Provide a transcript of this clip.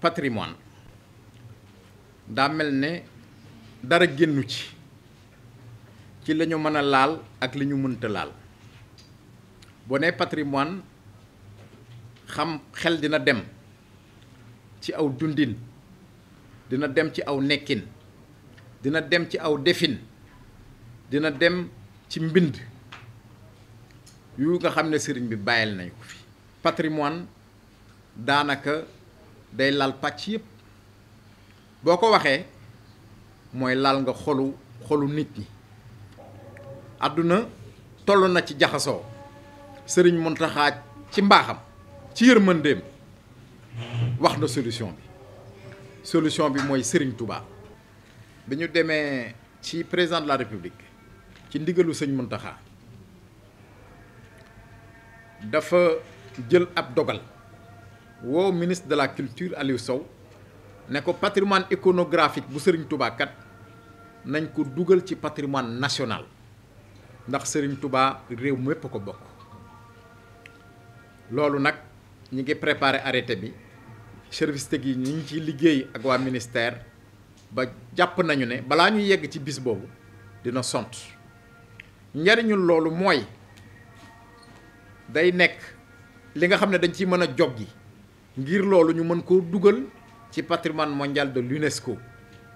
patrimoine daa mel ne dara génnu ci ci la ñu mën a laal ak li ñu mënta laal boo nee patrimoine xam xel dina dem ci aw dundin dina dem ci aw nekkin dina dem ci aw defin dina dem ci mbind yu nga xam ne sëriñ bi bàyyil nañ ko fi patrimoine daanaka day laal pàcc yëpp boo ko waxee mooy laal nga xolu xolu nit ñi àdduna toll na ci jaxasoo sëriñ Muntaxa ci mbaaxam ci yërmandeem wax na solution bi solution bi mooy sëriñ Touba. bi ñu demee ci président la république ci ndigalu sëñ Muntaxa dafa jël ab dogal woo ministre de la culture Aliou Sow ne ko patrimoine iconographique bu Serigne Touba nañ ko dugal ci patrimoine national ndax Serigne Touba réew mépp ko bokk loolu nag ñi ngi préparer arrêté bi service technique yi ñu ngi ciy liggéey ak waa ministère ba jàpp nañu ne balaa ñu yegg ci bis boobu dina sont njariñul loolu mooy day nekk li nga xam ne dañ ci mën a jog gi ngir loolu ñu mën ko dugal ci patrimoine mondial de l'UNESCO